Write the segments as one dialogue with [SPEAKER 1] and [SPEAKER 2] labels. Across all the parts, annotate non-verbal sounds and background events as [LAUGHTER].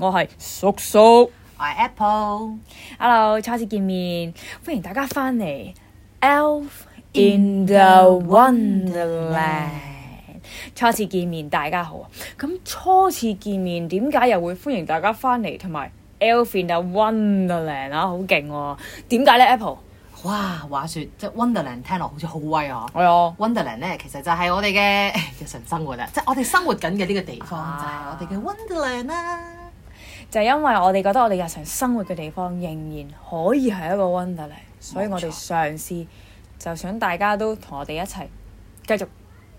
[SPEAKER 1] 我係叔叔，我係 Apple，Hello，初次見面，歡迎大家翻嚟，Elf in the Wonderland，Wonder 初次見面大家好啊，咁初次見面點解又會歡迎大家翻嚟？同埋 Elf in the Wonderland 啊，好勁喎，點解咧 Apple？哇，話説即係 Wonderland 聽落好似好威啊，係啊、哦、Wonderland 咧
[SPEAKER 2] 其實就係我哋嘅日常生活啫，即係我哋生活緊嘅呢個地方、啊、就係我哋嘅 Wonderland
[SPEAKER 1] 啦、啊。就因為我哋覺得我哋日常生活嘅地方仍然可以係一個 Wonderland，冇錯，所以我哋嘗試就想大家都同我哋一齊繼續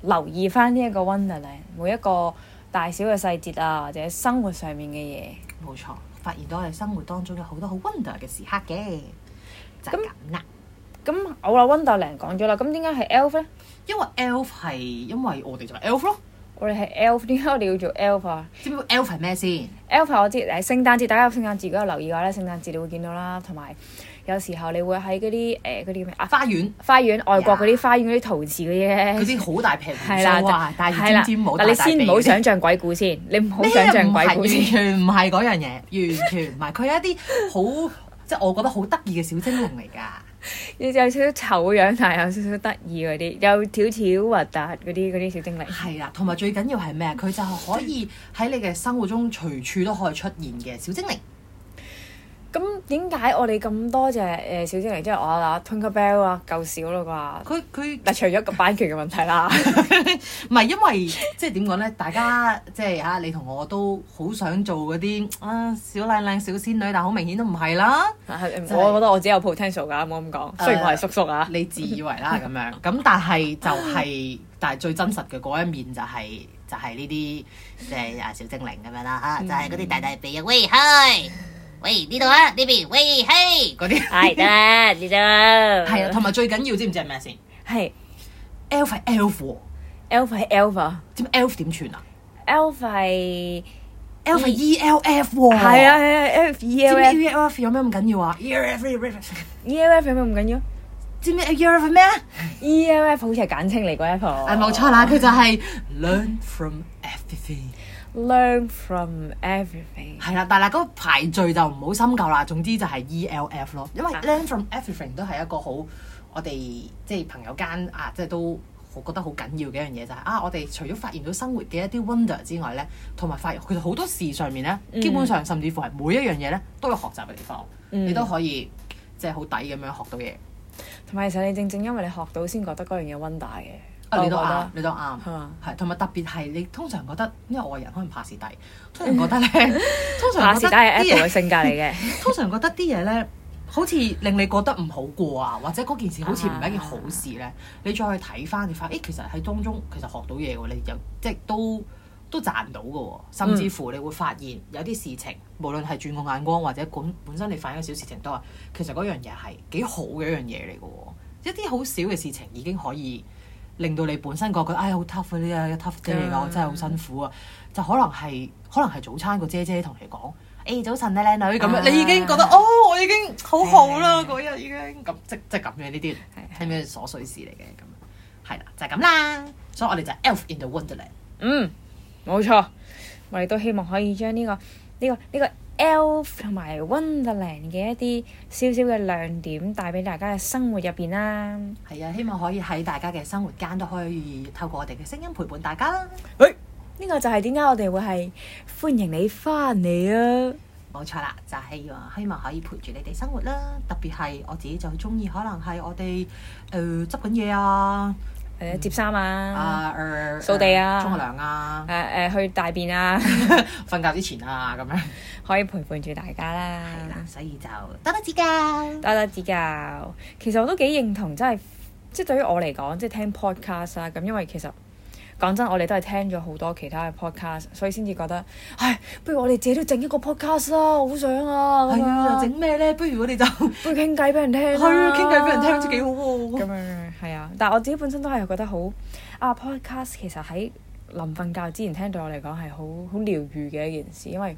[SPEAKER 1] 留意翻呢一個 Wonderland 每一個大小嘅細節啊，或者生活上面嘅嘢。冇錯，發現到喺生活當中有好多好 wonder 嘅時刻嘅。咁、就、啦、是，咁、嗯嗯嗯、我話 Wonderland 講咗啦，咁點解係 elf 咧？因為 elf 係因為我哋就係 elf 咯。我哋係 elf，點解我哋要做 elf 知唔知 elf 咩先 elf 我知，誒聖誕節，大家有聖誕節如果有留意嘅咧，聖誕節你會見到啦。同埋有,有時候你會喺嗰啲誒嗰啲咩啊花園、花園外國嗰啲花園嗰啲陶瓷嗰啲咧，嗰啲好大瓶，裝啊！但係尖尖冇大,大你先唔好想象鬼故先，麼你唔好想象鬼故先麼，完全唔係嗰樣嘢，完全唔係。佢係一啲好即係我覺得好得意嘅小精靈嚟㗎。有少少醜樣，但有少少得意嗰啲，有少少核突嗰啲嗰啲小精靈。係啦，同埋最緊要係咩？佢 [LAUGHS] 就係可以喺你嘅生活中
[SPEAKER 2] 隨處都可以出現嘅小精靈。
[SPEAKER 1] 點解我哋咁多隻誒小精靈，即、就、係、是、我啦、啊、Tinker Bell 啊，夠少啦啩？佢佢嗱，除咗個版權嘅問題
[SPEAKER 2] 啦， [LAUGHS] [LAUGHS] 唔係因為即係點講咧？大家即係嚇，你同我都好想做嗰啲啊，小靚靚小仙女，但係好明顯都唔係啦。嗎的我覺得我自己有 potential 㗎，唔好咁講，雖然我係叔叔啊， [LAUGHS] 你自以為啦咁樣，咁但係就係、是，但係最真實嘅嗰一面就係、是、就係呢啲即係啊小精靈咁樣啦嚇，嗯、就係嗰啲大大鼻啊。喂嗨！喂，
[SPEAKER 1] 呢度啊，呢邊喂，嘿，嗰啲係得，知道係啊，同埋最緊要知唔知係咩先？係，elf，elf，elf 係 elf，知唔知 elf 點串啊？elf 係 elf，E L F，係啊係啊，E L F，知唔知 E L F 有咩咁緊要啊？E L F 有咩咁緊要？知唔知 E L F 咩啊？E L F 好似係簡稱嚟個 elf，係冇錯啦，佢就係
[SPEAKER 2] learn from everything。
[SPEAKER 1] learn from
[SPEAKER 2] everything 係啦，但係嗰個排序就唔好深究啦。總之就係 ELF 咯，因為 learn from everything 都係一個好我哋即係朋友間啊，即係都我覺得好緊要嘅一樣嘢就係、是、啊，我哋除咗發現到生活嘅一啲 wonder 之外咧，同埋發現，其實好多事上面咧，基本上甚至乎係每一樣嘢咧都有學習嘅地方，嗯、你都可以即係好抵咁樣學到嘢。
[SPEAKER 1] 同埋其實你正正因為你學到先覺得嗰樣嘢 wonder 嘅。你都啱，
[SPEAKER 2] 你都啱，係同埋特別係你通常覺得，因為外人可能怕蝕底，通常覺得咧，
[SPEAKER 1] 通常怕蝕底係 Apple 嘅性格嚟嘅，
[SPEAKER 2] [LAUGHS] 通常覺得啲嘢咧，好似令你覺得唔好過啊，或者嗰件事好似唔係一件好事咧，啊啊、你再去睇翻，你發現，誒、欸、其實喺當中其實學到嘢喎，你又即係都都賺到嘅喎，甚至乎你會發現有啲事情，嗯、無論係轉個眼光或者本本身你反應嘅小事情都話，其實嗰樣嘢係幾好嘅一樣嘢嚟嘅喎，一啲好少嘅事情已經可以。令到你本身覺得唉好 tough 啊，呢個 tough 姐嚟噶，我 [NOISE] 真係好辛苦啊！就可能係可能係早餐個姐姐同你講，誒、欸、早晨啊，靚女咁，你已經覺得哦，我已經好好啦，嗰日已經咁即即咁樣呢啲係咩瑣碎事嚟嘅咁，係啦就係咁啦，
[SPEAKER 1] 所以我哋就 elf in the wonderland，嗯，冇錯，我哋都希望可以將呢個呢個呢個。這個這個這個 Elf 同埋 Wonderland 嘅一啲少少嘅亮點，帶俾大家嘅生活入邊啦。係啊，希望可以喺大家嘅生活間都可以
[SPEAKER 2] 透過我哋嘅聲音陪伴大家啦。誒、哎，呢、這個就係點解我哋會係歡迎你翻嚟啊？冇錯啦，就係、是、希，希望可以陪住你哋生活啦。特別係我自己就中意，可能係我哋誒、呃、執緊嘢啊，誒摺衫啊，
[SPEAKER 1] 掃、呃、地啊，沖下涼啊，誒誒、呃呃、去大便啊，瞓 [LAUGHS] 覺之前啊咁樣。可以陪伴住大家啦，係啦，所以就多多指教，多多指教。其實我都幾認同，真即係即係對於我嚟講，即係聽 podcast 啦。咁因為其實講真，我哋都係聽咗好多其他嘅 podcast，所以先至覺得唉，不如我哋自己都整一個 podcast 啦。好想啊，係啊，整咩咧？不如我哋就傾偈俾人聽啦，傾偈俾人聽，唔知幾好喎。咁樣係啊，但係我自己本身都係覺得好啊。podcast 其實喺臨瞓覺之前聽，對我嚟講係好好療癒嘅一件事，因為。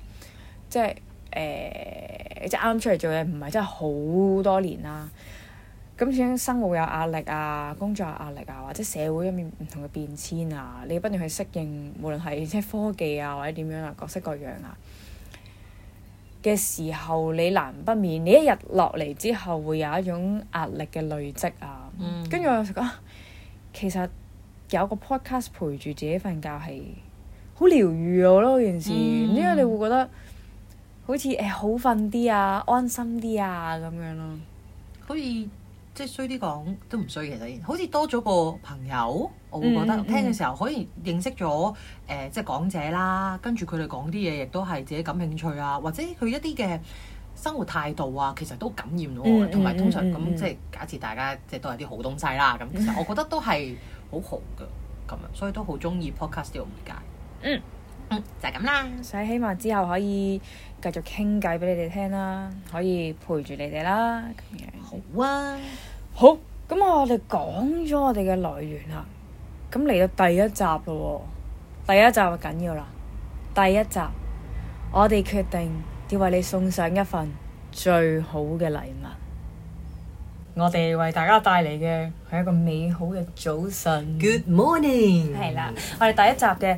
[SPEAKER 1] 即係誒、呃，即係啱出嚟做嘢，唔係真係好多年啦。咁先生活有壓力啊，工作有壓力啊，或者社會入面唔同嘅變遷啊，你不斷去適應，無論係即係科技啊，或者點樣啊，各式各樣啊嘅時候，你難不免你一日落嚟之後會有一種壓力嘅累積啊。跟住、嗯、我就覺得、啊，其實有個 podcast 陪住自己瞓覺係好療愈我咯。件事，嗯、因為你會覺得。好似誒、呃、好瞓啲啊，安心啲啊咁樣咯、啊。好似即係衰啲講都唔衰其實，好
[SPEAKER 2] 似多咗個朋友，我會覺得、嗯嗯、聽嘅時候可以認識咗誒、呃、即係講者啦，跟住佢哋講啲嘢，亦都係自己感興趣啊，或者佢一啲嘅生活態度啊，其實都感染到、啊、我。同埋通常咁即係假設大家即係都係啲好東西啦，咁其實我覺得都係好好噶咁樣，所以都好中意 podcast 呢個媒介嗯。
[SPEAKER 1] 嗯、就係、是、咁啦，所以希望之後可以繼續傾偈俾你哋聽啦，可以陪住你哋啦，咁樣，好啊，好，咁我哋講咗我哋嘅來源啦，咁嚟到第一集咯、哦，第一集啊緊要啦，第一集我哋決定要為你送上一份最好嘅禮物，我哋為大家帶嚟嘅係一個美好嘅早晨，Good morning，係啦，我哋第一集嘅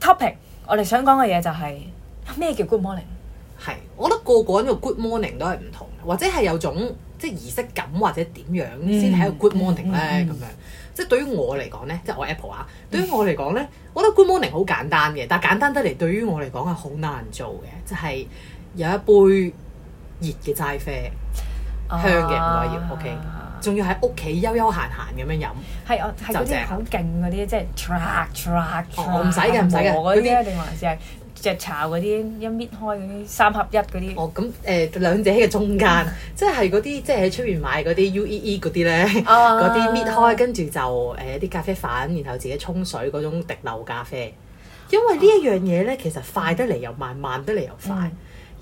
[SPEAKER 1] topic。我哋想講嘅嘢就係、是、咩叫 good morning？係，我覺得個個人嘅 good morning 都係唔同，或者係有種即
[SPEAKER 2] 儀式感或者點樣先係、嗯、個 good morning 咧咁、嗯嗯、樣。即對於我嚟講咧，即、嗯、我 Apple 啊，對於我嚟講咧，我覺得 good morning 好簡單嘅，但簡單得嚟對於我嚟講係好難做嘅，就係、是、有一杯熱嘅齋啡。香嘅，唔該、啊 okay. 要
[SPEAKER 1] ，OK，仲要喺屋企悠悠閒閒咁樣飲，係是哦，係啲好勁嗰啲，即係 track track，哦唔使嘅唔使嘅，嗰啲定還是係雀巢嗰啲一搣開嗰啲三合一嗰啲。哦咁誒、呃、兩者喺嘅中間，嗯、即係嗰啲即係喺
[SPEAKER 2] 出邊買嗰啲 [LAUGHS] U E E 嗰啲咧，嗰啲搣開，跟住就誒啲、呃、咖啡粉，然後自己沖水嗰種滴漏咖啡。因為呢一樣嘢咧，其實快得嚟又慢，慢得嚟又快，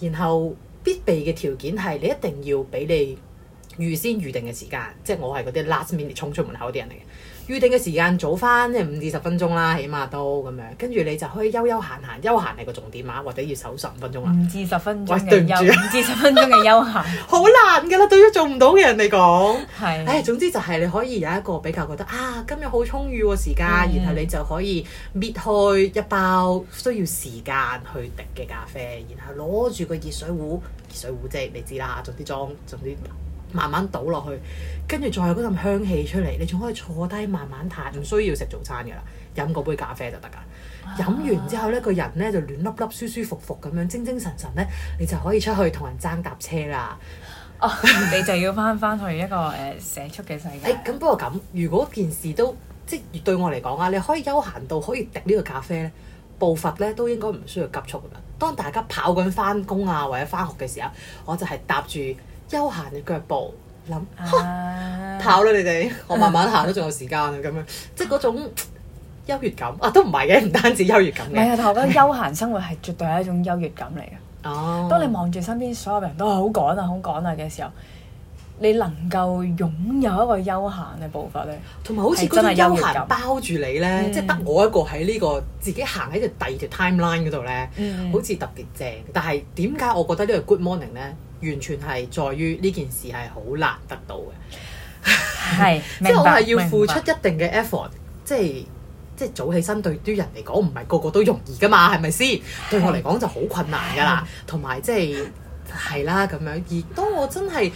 [SPEAKER 2] 嗯、然後。必備嘅條件係，你一定要俾你預先預定嘅時間，即係我係嗰啲 last minute 衝出門口嗰啲人嚟嘅。預定嘅時間早翻，即係五至十分鐘啦，起碼都咁樣。跟住你就可以悠悠閒閒、悠閒係個重點啊，或者要守十五分鐘啦。五至十分鐘。喂，對唔住啊，五至十分鐘嘅休閒。 [LAUGHS] 好難㗎啦，對於做唔到嘅人嚟講。係的。唉、哎，總之就係你可以有一個比較覺得啊，今日好充裕時間，嗯、然後你就可以搣開一包需要時間去滴嘅咖啡，然後攞住個熱水壺，熱水壺即係你知啦，總啲裝，總啲。慢慢倒落去，跟住再有嗰陣香氣出嚟，你仲可以坐低慢慢嘆，唔需要食早餐噶啦，飲嗰杯咖啡就得噶。啊、
[SPEAKER 1] 飲完
[SPEAKER 2] 之後呢個人呢，就暖粒粒、舒舒服服咁樣、精精神神呢，你就可以出去同人爭搭車啦。哦、 [LAUGHS] 你就要翻
[SPEAKER 1] 翻去一個誒、呃、寫出嘅世
[SPEAKER 2] 界。誒、哎，咁不過咁，如果件事都即係對我嚟講啊，你可以休閒到可以滴呢個咖啡呢，步伐呢，都應該唔需要急速噶。當大家跑緊翻工啊或者翻學嘅時候，我就係搭住悠閒嘅腳步，諗吓、啊、跑啦你哋，我慢慢行都仲有時間啊，咁 [LAUGHS] 樣，即係嗰種優越感啊，都唔係嘅，唔單止優越感。唔係啊，但
[SPEAKER 1] 我覺得休閒生活係絕對係一種優越感嚟嘅。哦， [LAUGHS] 當你望住身邊所有人都好趕啊、好趕啊嘅時候，你能夠擁有一個休閒嘅步伐咧，同埋好似嗰種休閒包
[SPEAKER 2] 住你咧，即係得我一個喺呢個自己行喺條第二條 timeline 嗰度咧，好似特別正。但係點解我覺得呢個 good morning 咧，完全係在於呢件事係好難得到
[SPEAKER 1] 嘅，係即係我係要付出
[SPEAKER 2] 一定嘅 effort，即係即係早起身對於人嚟講唔係個個都容易㗎嘛，係咪先？對我嚟講就好困難㗎啦，同埋即係係啦咁樣。而當我真係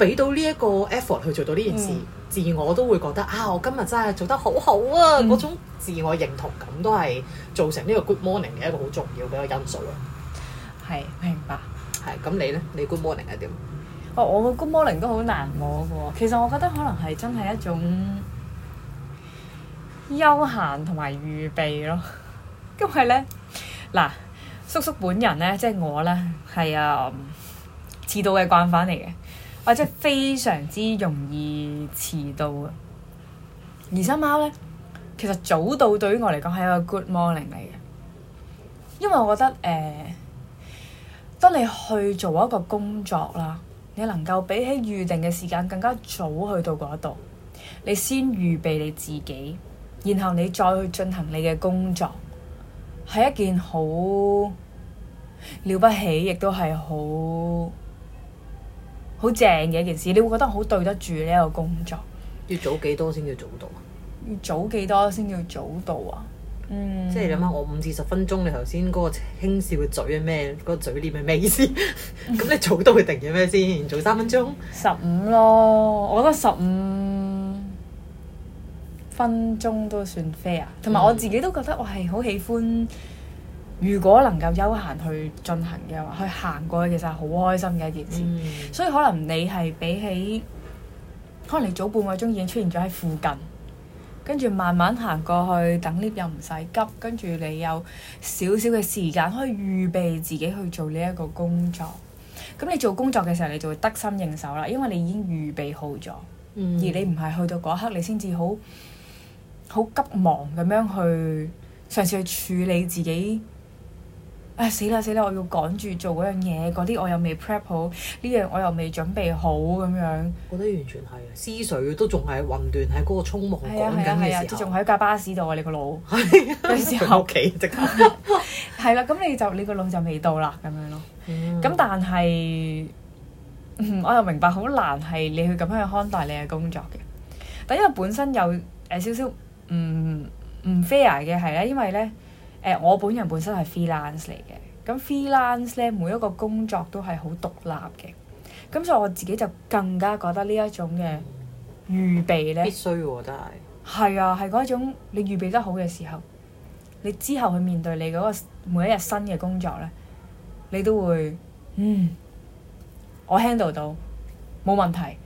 [SPEAKER 2] 俾到呢一個 effort 去做到呢件事，嗯、自我都會覺得啊，我今日真係做得好好啊！嗰、嗯、種自我認同感都係造成呢個 good morning 嘅一個好重要嘅一個因素
[SPEAKER 1] 啊。係，明白。係咁，你咧，你 good morning 係點、哦？我我 good morning 都好難摸喎。其實我覺得可能係真係一種休閒同埋預備咯。因為咧嗱，叔叔本人咧，即係我咧，係啊遲到嘅慣犯嚟嘅。或者非常之容易遲到啊！而新貓呢，其實早到對於我嚟講係一個 good morning 嚟嘅。因為我覺得誒、呃，當你去做一個工作啦，你能夠比起預定嘅時間更加早去到嗰度，你先預備你自己，然後你再去進行你嘅工作，係一件好了不起，亦都係好。好正嘅一件事，你會覺得好對得住呢一個工作。要早幾多先叫早到啊？要早幾多先叫
[SPEAKER 2] 早到啊？
[SPEAKER 1] 嗯，即係你諗下
[SPEAKER 2] 我五至十分鐘，你頭先嗰個輕笑嘅嘴啊咩？嗰、嗰個嘴臉係咩意思？咁 [LAUGHS] 你早到佢定咗咩先？早三分鐘，十五
[SPEAKER 1] 咯，我覺得十五分鐘都算飛啊！同埋我自己都覺得我係好喜歡，如果能夠休閒去進行嘅話，去行過去其實係好開心嘅一件事。嗯、所以可能你係比起，可能你早半個鐘已經出現咗喺附近，跟住慢慢行過去，等 lift 又唔使急，跟住你有少少嘅時間可以預備自己去做呢一個工作。咁你做工作嘅時候，你就會得心應手啦，因為你已經預備好咗。嗯、
[SPEAKER 2] 而你唔
[SPEAKER 1] 係去到嗰刻你，你先至好，好急忙咁樣去嘗試去處理自己。哎、死啦死啦！我要趕住做嗰樣嘢，嗰啲我又未 prep 好，呢樣我又未準備好咁樣。我覺得完全
[SPEAKER 2] 係思緒都仲係混亂，喺嗰個匆忙講緊嘅時候，仲喺架巴士度
[SPEAKER 1] 啊！你個腦嗰 [LAUGHS] 時候幾即刻？係啦，咁、 [LAUGHS] [LAUGHS] 哎、你就你個腦就未到啦咁樣咯。咁、嗯、但係、嗯，我又明白好難係你去咁樣去看待你嘅工作嘅。但因為本身有誒、呃、少少唔唔 fair 嘅係咧，因為咧。誒、呃，我本人本身係 freelance 嚟嘅，咁 freelance 咧，每一個工作都係好獨立嘅，咁所以我自己就更加覺得呢一種嘅預備咧必須喎，但係係啊，係嗰種你預備得好嘅時候，你之後去面對你嗰個每一日新嘅工作咧，你都會嗯，我 handle 到冇問題，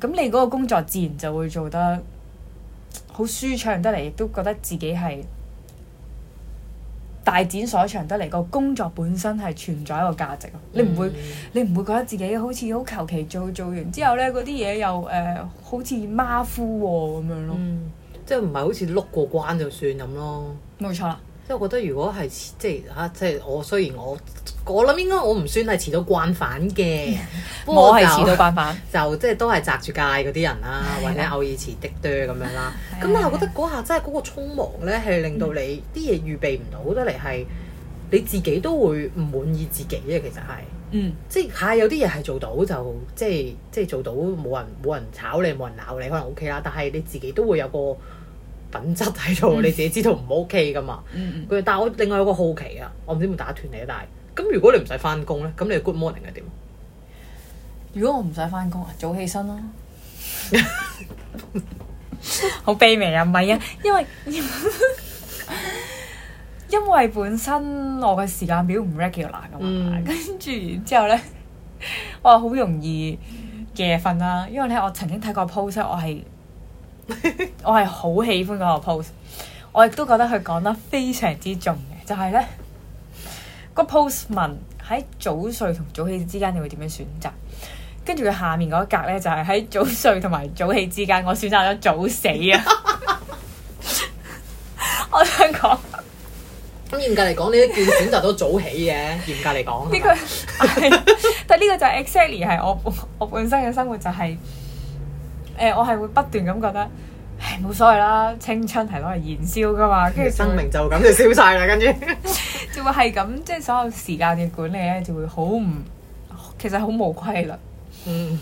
[SPEAKER 1] 咁你嗰個工作自然就會做得好舒暢得嚟，亦都覺得自己係。大展所長得嚟，個工作本身係存在一個價值，你唔會、嗯、你唔會覺得自己好似好求其做，做完之後呢嗰啲嘢又誒、呃、好似馬虎喎咁樣咯。嗯、即係唔係好似碌過關就
[SPEAKER 2] 算咁咯？冇錯啦。即係我覺得如果係即係嚇，即係我雖然我我諗應該我唔算係遲到慣犯嘅，嗯、我係遲到慣犯，就即係都係擲住界嗰啲人啦，啊、或者偶爾遲啲多咁樣啦。咁、啊、但係我覺得嗰下真係嗰個匆忙咧，係令到你啲嘢、嗯、預備唔到，得嚟係你自己都會唔滿意自己嘅。其實係，嗯，即係係、啊、有啲嘢係做到就即係即係做到冇人冇人炒你，冇人鬧你，你可能 OK 啦。但係你自己都會有個，品質喺度，你自己知道唔 OK 噶嘛？嗯嗯，但係我另外有個好奇啊，我唔知有冇打斷你，但係咁如果你唔使翻工咧，咁你 good morning 係點？如
[SPEAKER 1] 果我唔使翻工啊，早起身咯，好卑微啊，唔係啊，因為因為本身我嘅時間表唔 regular 噶嘛，嗯、跟住之後咧，我話好容易夜瞓啦，因為咧我曾經睇過 post，我係。 [LAUGHS] 我係好喜歡嗰個 post，我亦都覺得佢講得非常之重嘅，就係、是、呢、呢個 post 問喺早睡同早起之間你會點樣選擇？跟住佢下面嗰一格呢，就係喺早睡同埋早起之間，我選擇咗早死啊！ [LAUGHS] [LAUGHS] 我想講說，咁嚴格嚟講，你都叫選擇咗早起嘅。嚴格嚟講，呢個但呢個就係 exactly 係我我本身嘅生活就係、是。誒，我係會不斷咁覺得，誒冇所謂啦，青春係攞嚟燃燒噶嘛，跟住生命就咁就燒晒啦，跟住 [LAUGHS] 就會係咁，即係所有時間嘅管理咧，就會好唔，其實好冇規律。嗯，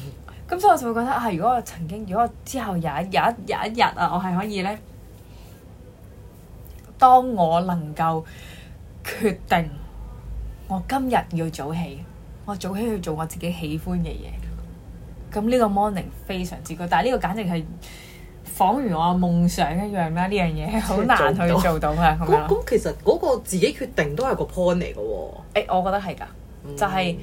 [SPEAKER 1] 咁所以我就會覺得啊，如果我曾經，如果我之後有一日、有一日、一日啊，我係可以咧，當我能夠決定我今日要早起，我早起去做我自己喜歡嘅嘢。咁呢個 morning 非常之高，但係呢個簡直係彷如我夢想一樣啦！呢樣嘢好難去做到啊！咁咁 [LAUGHS] 其實嗰個自己決定都係個 point 嚟嘅喎。誒，我覺得係㗎，嗯、就係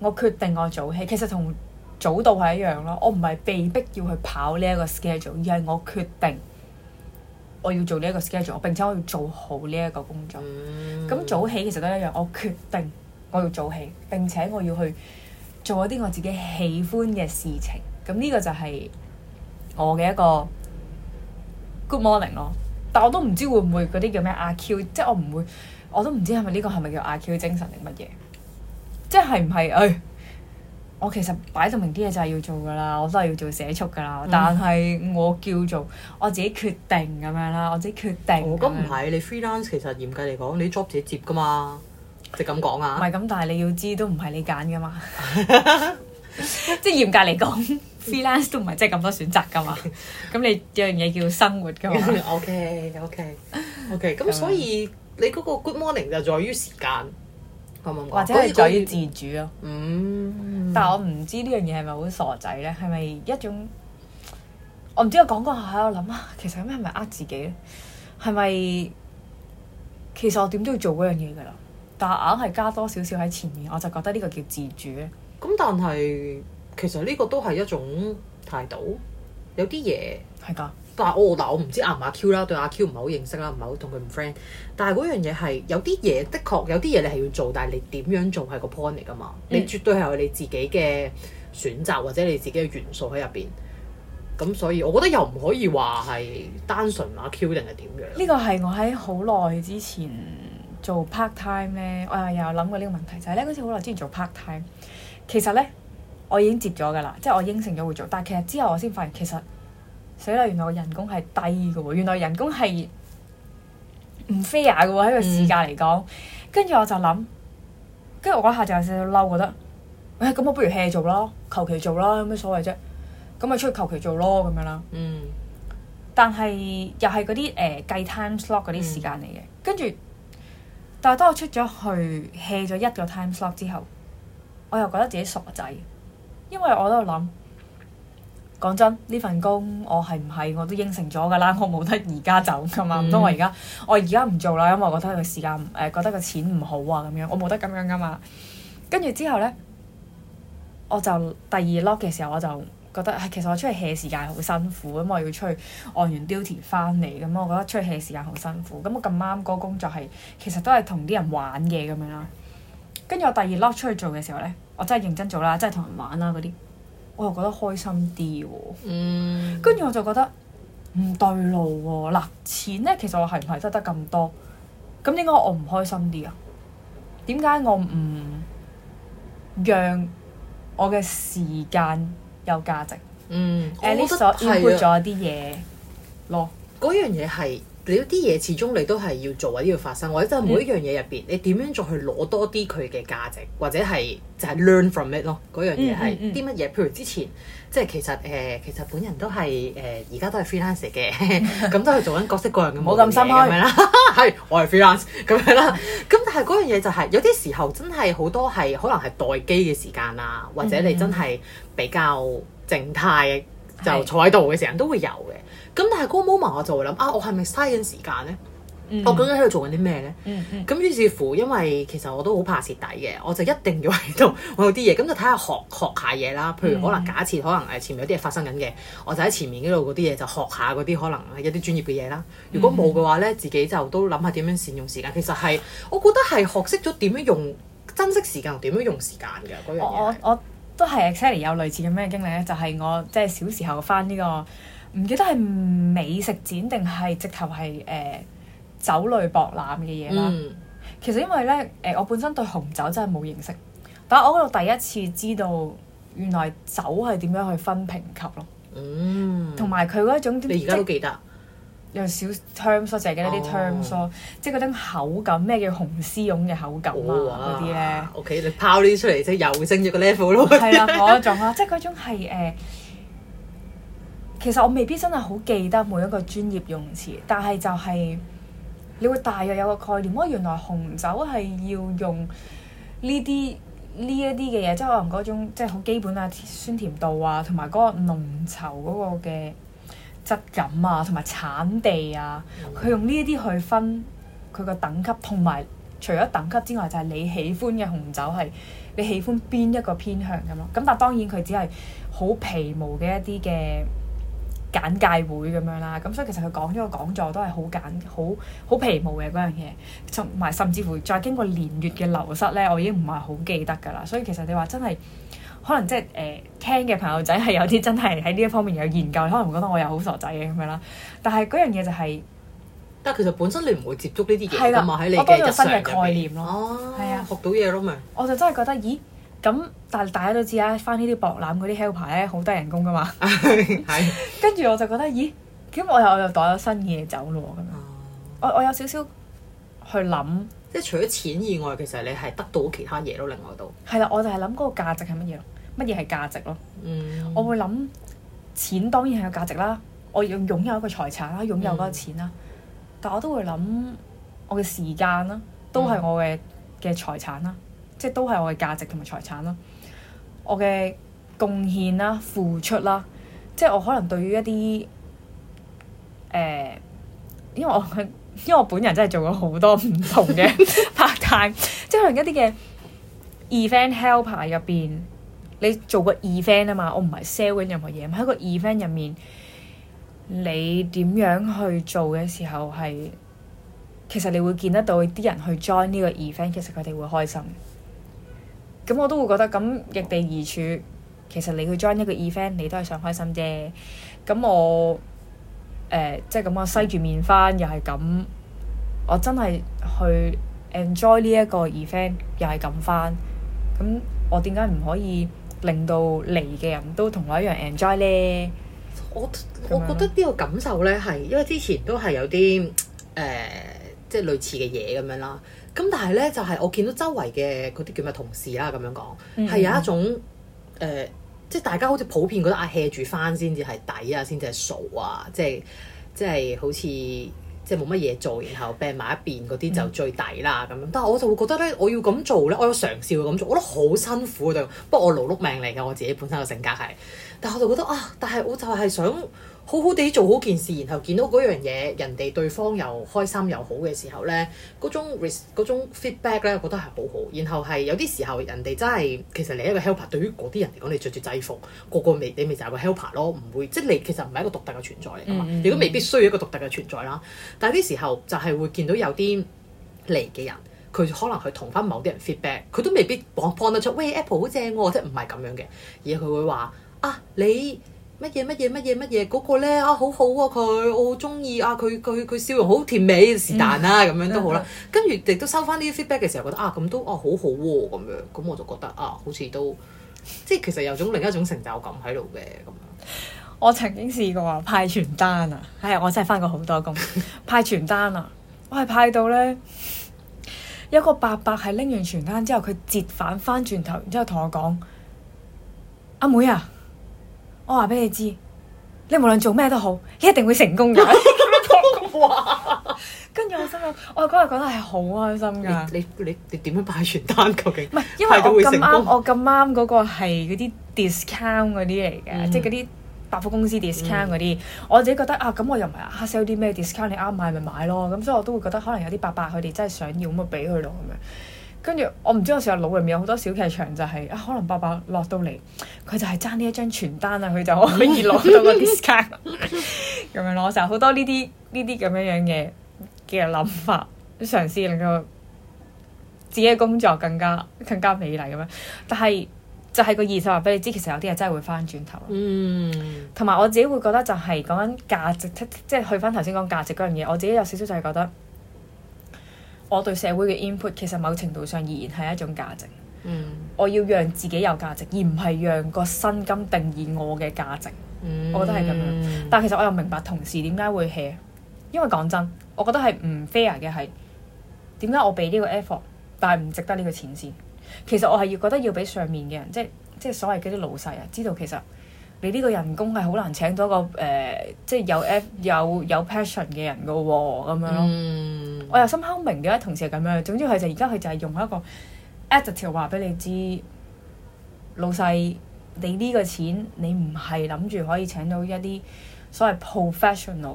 [SPEAKER 1] 我決定我早起，其實同早到係一樣咯。我唔係被逼要去跑呢一個 schedule，而係我決定我要做呢一個 schedule，並且我要做好呢一個工作。咁、嗯、早起其實都一樣，我決定我要早起，並且我要去，做一啲我自己喜歡嘅事情，咁呢個就係我嘅一個 Good morning 咯。但我都唔知會唔會嗰啲叫咩阿 Q，即係我唔會，我都唔知係咪呢個係咪叫阿 Q 精神定乜嘢？即係唔係？唉、哎，我其實擺明啲嘢就係要做㗎啦，我都係要做寫速㗎啦。但係我叫做我自己決定咁樣啦，
[SPEAKER 2] 我自己決定。我覺得唔係，你 freelance 其實嚴格嚟講，你 job 自己接㗎嘛。即咁
[SPEAKER 1] 講啊，唔係咁，但係你要知都唔係你揀噶嘛。即 [LAUGHS] [LAUGHS] 嚴格嚟講 [LAUGHS] ，freelance 都唔係即咁多選擇噶嘛。咁你有樣嘢叫生活噶嘛？OK，OK，OK。
[SPEAKER 2] 咁所以你嗰個 Good Morning 就在於時間，
[SPEAKER 1] 或者係在，在於自主咯。嗯，嗯但我唔知呢樣嘢係咪好傻仔咧？係咪一種我唔知我講講下喺度諗啊？其實咁樣係咪呃自己咧？係咪其實我點都要做嗰樣嘢噶啦？但硬係加多少少喺前面，我就覺得呢個叫自主咧。咁但係其實呢個都係一
[SPEAKER 2] 種態度，有啲嘢係㗎。但係我但我唔知阿唔阿 Q 啦，對阿 Q 唔係好認識啦，唔係好同佢唔 friend 但。但係嗰樣嘢係有啲嘢的確有啲嘢你係要做，但係你點樣做係個 point 嚟㗎嘛？嗯，你絕對係有你自己嘅選擇或者你自己嘅元素喺入邊。咁所以我覺得又唔可以話係單純阿 Q 定係點
[SPEAKER 1] 樣？呢個係我喺好耐之前。做 part time 咧，我又又諗過呢個問題就係、是、咧。好似好耐之前做 part time，其實咧我已經接咗㗎啦，即係我應承咗會做。但係其實之後我先發現其實死啦，原來我人工係低㗎喎。原來人工係唔 fair 㗎喎喺個市價嚟講。跟住、嗯、我就諗，跟住我嗰下就有少少嬲，覺得誒咁、欸、我不如 hea 做咯，求其做咯，有咩所謂啫？咁咪出去求其做咯，咁樣啦。嗯，但係又係嗰啲誒計 time slot 嗰啲時間嚟嘅，跟住、嗯。但係當我出咗去 hea 咗一個 time slot 之後，我又覺得自己傻仔，因為我都度諗，講真呢份工我係唔係我都應承咗㗎啦，我冇得而家走㗎嘛。唔通、嗯、我而家我而家唔做啦？因為我覺得個時間誒、呃，覺得個錢唔好啊咁樣，我冇得咁樣㗎嘛。跟住之後呢，我就第二 lock 嘅時候我就。覺得係其實我出去 hea 時間好辛苦，咁我要出去按完 duty 返嚟咁，我覺得出去 hea 時間好辛苦。咁我咁啱嗰個工作係其實都係同啲人玩嘅咁樣啦。跟住我第二粒出去做嘅時候呢，我真係認真做啦，真係同人玩啦嗰啲，我又覺得開心啲喎。嗯。跟住我就覺得唔對路喎、啊。嗱，錢呢，其實我係唔係得得咁多？咁點解我唔開心啲啊？點解我唔讓我嘅時間？有價值，嗯，嗯，Alice input 咗啲嘢咯，嗰樣嘢係。
[SPEAKER 2] 你有啲嘢始終你都係要做或者要發生，或者即係每一樣嘢入邊，你點樣再去攞多啲佢嘅價值，或者係就係 learn from it 咯。嗰樣嘢係啲乜嘢？嗯、譬如之前，即係其實誒、呃，其實本人都係誒，而、呃、家都係 freelance 嘅，咁 [LAUGHS] 都係做緊各式各樣嘅冇咁心開咁樣啦。係 [LAUGHS] 我係 freelance 咁 [LAUGHS] 樣啦、就是。咁但係嗰樣嘢就係有啲時候真係好多係可能係待機嘅時間啊，或者你真係比較靜態。就坐喺度嘅時候都會有嘅，咁但係嗰 moment 我就會諗啊，我係咪嘥緊時間咧？嗯、我究竟喺度做緊啲咩咧？咁、嗯嗯、於是乎，因為其實我都好怕蝕底嘅，我就一定要喺度，我有啲嘢，咁就睇下學學下嘢啦。譬如可能假設可能誒前面有啲嘢發生緊嘅，嗯、我就喺前面嗰度嗰啲嘢就學下嗰啲可能一啲專業嘅嘢啦。嗯、如果冇嘅話咧，自己就都諗下點樣善用時間。其實係我覺得係學識咗點樣用
[SPEAKER 1] 珍惜時間同點樣用時間嘅嗰樣嘢。都係 exciting 有類似咁樣嘅經歷咧，就係、是、我即係、就是、小時候翻呢，這個唔記得係美食展定係直頭係誒酒類博覽嘅嘢啦。嗯、其實因為咧誒、呃，我本身對紅酒真係冇認識，但係我嗰度第一次知道原來酒係點樣去分評級咯。嗯，同埋佢嗰一種點？你而家都記得。有少 term so，即係嗰啲 term so，即係嗰種口感咩叫紅絲絨嘅口感啊？嗰啲咧。Okay，你拋呢啲出嚟，即係又升一個 level
[SPEAKER 2] 咯。係啊， [LAUGHS] 嗰一
[SPEAKER 1] 種啦，即係嗰種係誒，其實我未必真係好記得每一個專業用詞，但係就係你會大約有個概念。哇，原來紅酒係要用呢啲呢一啲嘅嘢，即係可能嗰種即係好基本啊，酸甜度啊，同埋嗰個濃稠嗰個嘅。質感啊，同埋產地啊，佢、嗯、用呢一啲去分佢個等級，同埋除咗等級之外，就係、是、你喜歡嘅紅酒係你喜歡邊一個偏向咁咯。咁但當然佢只係好皮毛嘅一啲嘅簡介會咁樣啦。咁所以其實佢講咗個講座都係好簡好好皮毛嘅嗰樣嘢，同埋甚至乎再經過年月嘅流失呢，我已經唔係好記得㗎啦。所以其實你話真係～可能即係誒聽嘅朋友仔係有啲真係喺呢一方面有研究，可能覺得我又好傻仔嘅咁樣啦。但係嗰樣嘢就係、是，
[SPEAKER 2] 但係其實本身你唔會接觸呢啲嘢，埋喺的你嘅日常嘅概念咯。係
[SPEAKER 1] 啊，的學到嘢咯咪。我就真係覺得，咦咁？但係大家都知啦、啊，翻呢啲博覽嗰啲 helper 咧，好低人工噶嘛。係。跟住我就覺得，咦？咁我又我又帶咗新嘢走咯咁樣。我、啊、我，我有少少，少去諗，即係除咗錢以外，其實你係得到其他嘢都另外到。係啦，我就係諗嗰個價值係乜嘢？乜嘢係價值咯？嗯、我會諗錢當然係有價值啦，我要擁有一個財產啦，擁有嗰個錢啦。嗯、但我都會諗我嘅時間啦，都係我嘅嘅財產啦，嗯、即係都係我嘅價值同埋財產啦。我嘅貢獻啦、付出啦，即係我可能對於一啲誒、呃，因為我因為我本人真係做咗好多唔同嘅 part time，即係可能一啲嘅 event helper 入邊。你做個 event 啊嘛，我唔係 selling 任何嘢，喺個 event 入面，你點樣去做嘅時候係，其實你會見得到啲人去 join 呢個 event，其實佢哋會開心。咁我都會覺得，咁易地而處，其實你去 join 一個 event，你都係想開心啫。咁我，誒、呃，即係咁我篩住面翻又係咁，我真係去 enjoy 呢一個 event 又係咁翻。咁我點解唔可以？令到嚟嘅人都同我一樣 enjoy 咧，我
[SPEAKER 2] 我覺得呢個感受咧係因為之前都係有啲誒、呃、即係類似嘅嘢咁樣啦，咁但係咧就係、是、我見到周圍嘅嗰啲叫咩同事啦、啊、咁樣講，係、嗯、哼有一種誒、呃、即係大家好似普遍覺得啊 hea 住返先至係抵啊，先至係傻啊，即係即係好似。即係冇乜嘢做，然後病埋一邊嗰啲就最抵啦咁樣。嗯、但係我就會覺得咧，我要咁做咧，我要嘗試會咁做，我覺得好辛苦嘅。不過我勞碌命嚟㗎，我自己本身嘅性格係。但係我就覺得啊，但係我就係想。好好地做好件事，然後見到嗰樣嘢，人哋對方又開心又好嘅時候咧，嗰種 feedback 咧，我覺得係好好。然後係有啲時候，人哋真係其實你一個 helper，對於嗰啲人嚟講，你着住制服，個個未你咪就係個 helper 咯，唔會即係你其實唔係一個獨特嘅存在嚟噶嘛。你都未必需要一個獨特嘅存在啦。但係啲時候就係會見到有啲嚟嘅人，佢可能去同翻某啲人 feedback，佢都未必講 point 得出，喂 Apple 好正喎，即係唔係咁樣嘅，而佢會話啊你。乜嘢乜嘢乜嘢乜嘢嗰個咧，啊好好喎、啊、佢我好中意啊，佢佢佢笑容好甜美，是但啦，咁樣都好啦、啊，跟住亦都收翻呢啲 feedback 嘅時候覺得，啊咁都啊好好喎、啊、咁樣，咁我就覺得啊好似都即係其實有種另一種成就感喺度嘅咁樣。
[SPEAKER 1] 我曾經試過派傳單啊，係我真係翻過好多工 [LAUGHS] 派傳單啊，我係派到咧有一個伯伯係拎完傳單之後，佢折返翻轉頭，然之後同我講：阿妹啊！我話俾你知，你無論做咩都好，你一定會成功㗎。跟住 [LAUGHS] [LAUGHS] 我心諗，我嗰日覺得係好開心㗎。你你你點樣派傳單？究竟派到會成功？因為我咁啱，我咁啱嗰個係嗰啲 discount 嗰啲嚟嘅，嗯、即係嗰啲百貨公司 discount 嗰啲、嗯。我自己覺得啊，咁我又唔係 sell 啲咩 discount，你啱買咪買咯。咁所以我都會覺得可能有啲伯伯佢哋真係想要咁咪俾佢咯咁樣。跟住我唔知我成日腦入面有好多小劇場、就是，就係啊可能爸爸落到嚟，佢就係爭呢一張傳單啊，佢就可以攞到個 discount，咁樣咯。我成日好多呢啲呢啲咁樣樣嘅嘅諗法，嘗試令到自己嘅工作更加更加美麗咁樣。但係就係、是、個現實話俾你知，其實有啲嘢真係會翻轉頭。嗯，同埋我自己會覺得就係、是、講緊價值，即、就、係、是、去翻頭先講價值嗰樣嘢。我自己有少少就係覺得。我對社會嘅 input 其實某程度上依然係一種價值。嗯，我要讓自己有價值，而唔係讓個薪金定義我嘅價值。嗯，我覺得係咁樣。但其實我又明白同事點解會 hea，因為講真，我覺得係唔 fair 嘅係點解我俾呢個 effort，但係唔值得呢個錢先。其實我係要覺得要俾上面嘅人，即係即係所謂嗰啲老細啊，知道其實。你呢個人工係好難請到一個、呃、即係有 f 有有 passion 嘅人噶喎，咁樣咯。嗯、我又深刻明點解同事係咁樣。總之係就而家佢就係用一個 attitude 話俾你知，老細你呢個錢你唔係諗住可以請到一啲所謂 professional，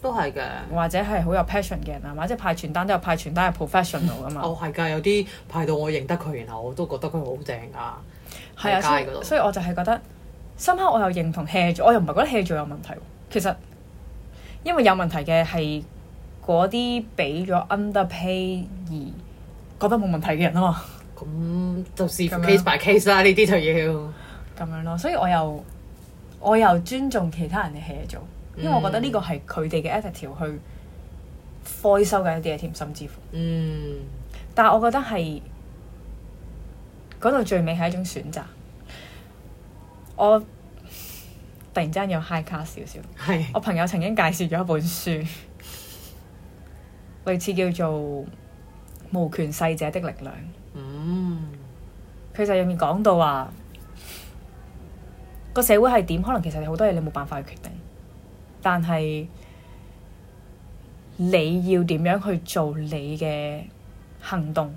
[SPEAKER 1] 都係嘅。或者係好有 passion 嘅人，或者派傳單都有派傳單係 professional 噶嘛。 [LAUGHS] 哦，係㗎，有啲派到我認得佢，然後我都覺得佢好正㗎。係啊，的所以所以我就係覺得。深刻我又認同 hea 做，我又唔係覺得 hea 做有問題。其實因為有問題嘅係嗰啲俾咗 underpay 而覺得冇問題嘅人啊嘛。咁就視 case by case 啦，呢啲就要咁樣咯。所以我又我又尊重其他人嘅 hea 做，嗯、因為我覺得呢個係佢哋嘅 attitude 條去開收嘅一啲嘢添甚至乎。嗯。但係我覺得係嗰度最尾係一種選擇。我突然之間有 high 卡少少。係。 [LAUGHS] 我朋友曾經介紹咗一本書，類似叫做《無權勢者的力量》。嗯、mm.。佢就入面講到話，個社會係點？可能其實好多嘢你冇辦法去決定，但係你要點樣去做你嘅行動，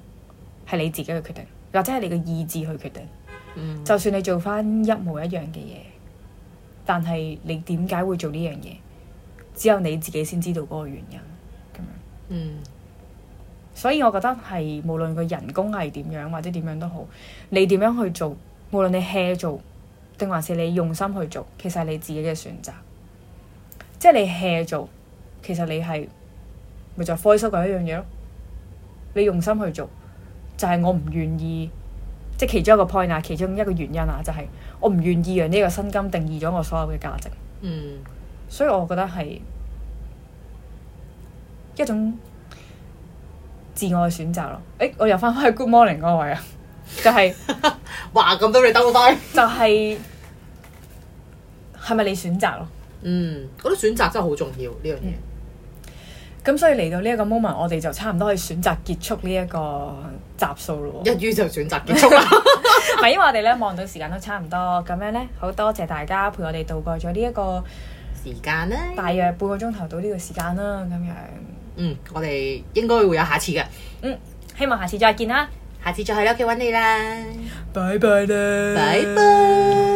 [SPEAKER 1] 係你自己嘅決定，或者係你嘅意志去決定。Mm. 就算你做翻一模一樣嘅嘢，但係你點解會做呢樣嘢？只有你自己先知道嗰個原因。咁樣，嗯。Mm. 所以我覺得係無論個人工係點樣或者點樣都好，你點樣去做，無論你 hea 做定還是你用心去做，其實係你自己嘅選擇。即係你 hea 做，其實你係咪就 foresee 嗰一樣嘢咯？你用心去做，就係、是、我唔願意。即其中一個 point 啊，其中一個原因啊，就係我唔願意讓呢個薪金定義咗我所有嘅價值。嗯，所以我覺得係一種自我嘅選擇咯。誒，我又翻返去 Good Morning 嗰位啊，就係話咁多你兜翻， [LAUGHS] [LAUGHS] 就係係咪你選擇咯？嗯，我覺得選擇真係好重要呢樣嘢。咁所以嚟到呢一個 moment，我哋就差唔多可以選擇結束呢一個集數咯。一於就選擇結束啦，係 [LAUGHS] [LAUGHS] 因為我哋咧望到時間都差唔多咁樣咧，好多謝大家陪我哋度過咗呢一個時間啦，大約半個鐘頭到呢個時間啦。咁樣，嗯，我哋應該會有下次嘅，嗯，希望下次再見啦，下
[SPEAKER 2] 次再喺屋企揾你啦，拜拜啦，拜拜。